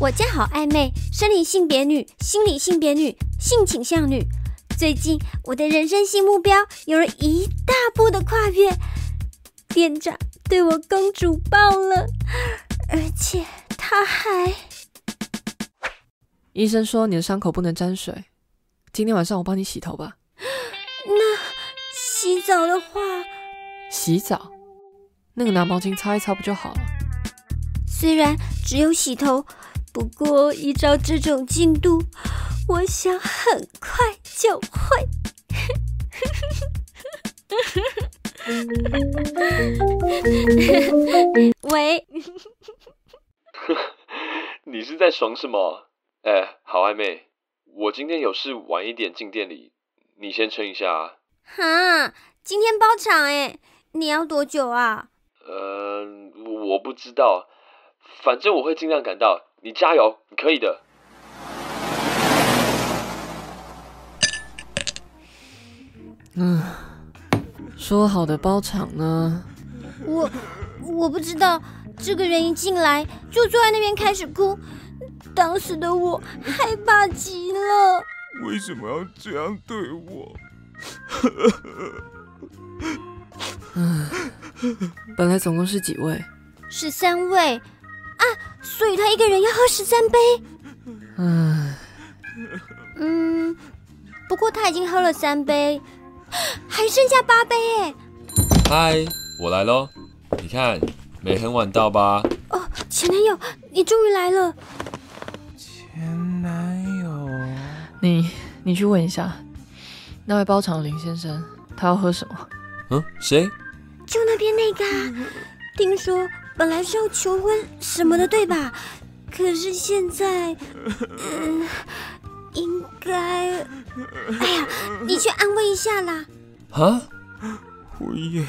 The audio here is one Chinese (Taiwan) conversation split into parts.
我叫郝艾媚，生理性別女，心理性別女，性傾向女。最近我的人生新目標有了一大步的跨越，店長對我公主抱了，而且他還。醫生說，你的傷口不能沾水，今天晚上我幫你洗頭吧。那洗澡的話，洗澡，那個拿毛巾擦一擦不就好了？雖然只有洗頭。不過依照這種進度，我想很快就會。 喂， 你是在爽什麼？哎、欸，好曖昧。我今天有事，晚一點進店裡，你先撐一下啊。哈，今天包場哎、欸，你要多久啊？嗯、呃，我不知道，反正我會盡量趕到。你加油，你可以的。嗯，說好的包場呢？我我不知道，這個人一進來就坐在那邊開始哭，當時的我害怕極了。為什麼要這樣對我？ 嗯，本來總共是幾位？是三位。所以他一個人要喝十三杯，嗯，嗯，不過他已經喝了三杯，還剩下八杯耶。嗨、欸，Hi, 我來嘍，你看沒很晚到吧？哦，前男友，你終於來了。前男友，你你去問一下那位包場的林先生，他要喝什麼？嗯，誰？就那邊那個、嗯，聽說。本來是要求婚什麼的，對吧？可是現在，嗯、呃，應該……哎呀，你去安慰一下啦！啊，我也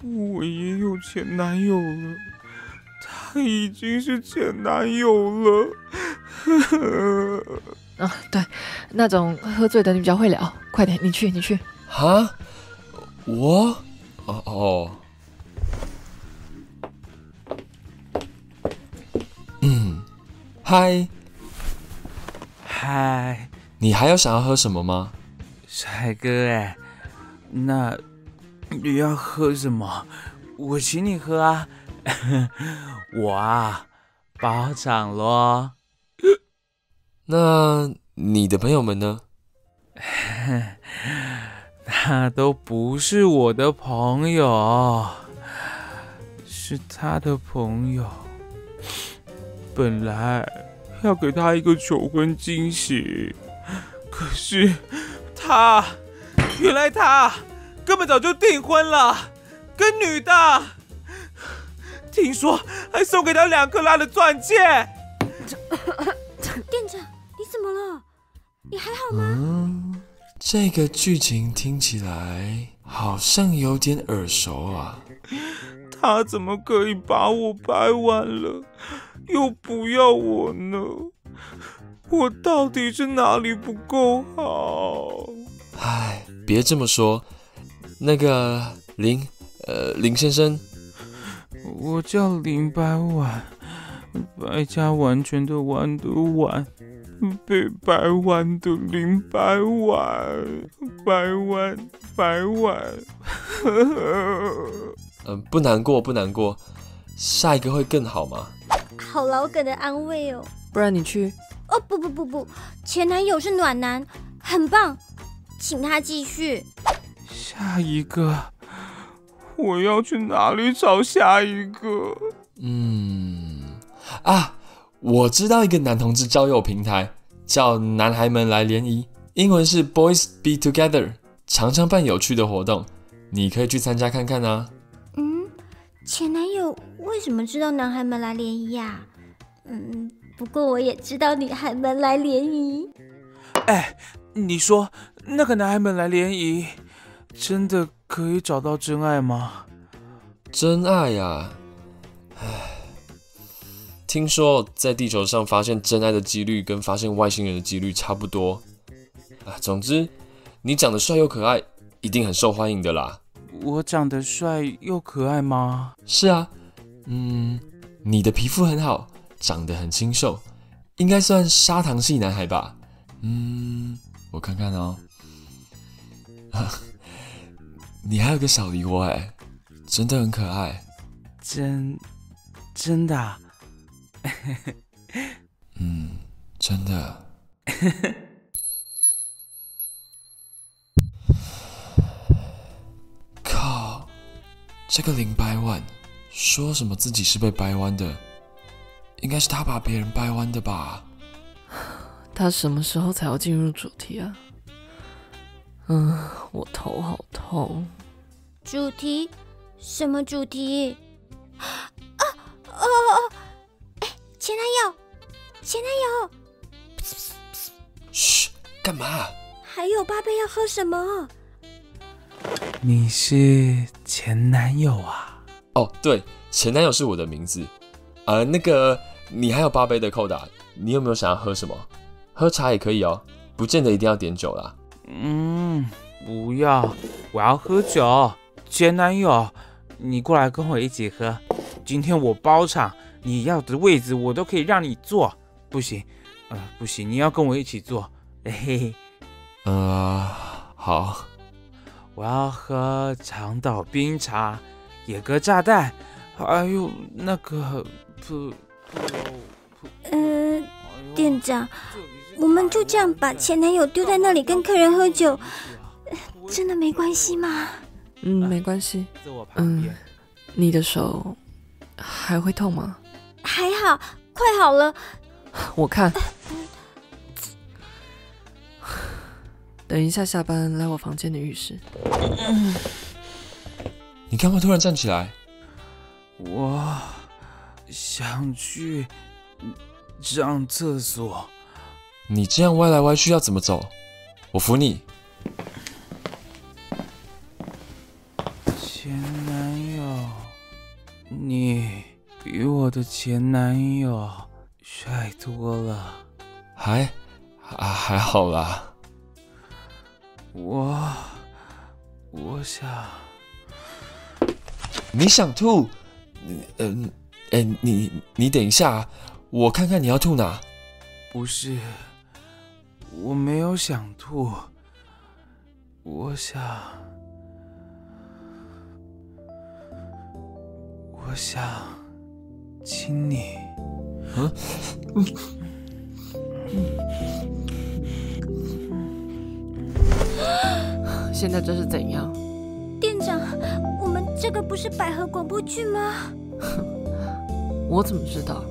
我也有前男友了，他已經是前男友了。 啊，對，那種喝醉的你比較會聊，快點，你去，你去。啊，我……哦哦。嗨，嗨，你還有想要喝什麼嗎？帥哥、欸？哎，那你要喝什麼？我請你喝啊， 我啊，包場咯。那你的朋友們呢？嘿嘿，那都不是我的朋友，是他的朋友。本來要給他一個求婚驚喜，可是他原來他根本早就訂婚了，跟女的，聽說還送給他兩克拉的鑽戒。店長，你怎麼了？你還好嗎？這個劇情聽起來好像有點耳熟啊。他怎麼可以把我掰彎了，又不要我呢？我到底是哪裡不夠好？哎，別這麼說。那個林，呃，林先生，我叫林白皖，白加完全的完，讀彎，被掰彎的林白皖，掰彎，呵呵嗯，不難過，不難過。下一個會更好嗎？好老梗的安慰哦。不然你去？哦，不不不不，前男友是暖男，很棒，請他繼續。下一個我要去哪裡找下一個？嗯，啊，我知道一個男同志交友平台，叫男孩們來聯誼，英文是 Boys Be Together，常常辦有趣的活動，你可以去參加看看啊。前男友為什麼知道男孩們來聯誼啊？嗯，不過我也知道女孩們來聯誼。哎，你說那個男孩們來聯誼，真的可以找到真愛嗎？真愛呀！哎，聽說在地球上發現真愛的幾率跟發現外星人的幾率差不多。啊，總之，你長得帥又可愛，一定很受歡迎的啦。我長得帥又可愛嗎？是啊，嗯，你的皮膚很好，長得很清秀，應該算砂糖系男孩吧？嗯，我看看哦。你還有個小梨窩哎，真的很可愛。真，真的啊？ 嗯，真的。 這個零掰彎，說什麼自己是被掰彎的，應該是他把別人掰彎的吧？他什麼時候才要進入主題啊？嗯，我頭好痛。主題？什麼主題？啊啊！哎、哦哦，前男友，前男友！噓，幹嘛？還有八杯要喝什麼？你是？前男友啊！哦，對，前男友是我的名字。呃，那個，你還有八杯的扣打，你有沒有想要喝什麼？喝茶也可以哦，不見得一定要點酒啦。嗯，不要，我要喝酒。前男友，你過來跟我一起喝，今天我包場，你要的位置我都可以讓你坐。不行，呃，不行，你要跟我一起坐。誒，嘿嘿，呃，好。我要喝長島冰茶、野格炸彈。哎呦，那個不不、呃、店長，我們就這樣把前男友丟在那裡跟客人喝酒，啊啊、真的沒關係嗎？嗯，沒關係。嗯，你的手還會痛嗎？還好，快好了。我看。等一下，下班來我房間的浴室。你幹嘛突然站起來？我想去上廁所。你這樣歪來歪去要怎麼走？我扶你。前男友，你比我的前男友帥多了。還還還好啦。我，我想，你想吐？你、呃，嗯，你，你等一下啊，我看看你要吐哪。不是，我沒有想吐，我想，我想親你。嗯，嗯。 現在這是怎樣？店長，我們這個不是百合廣播劇嗎？ 我怎麼知道？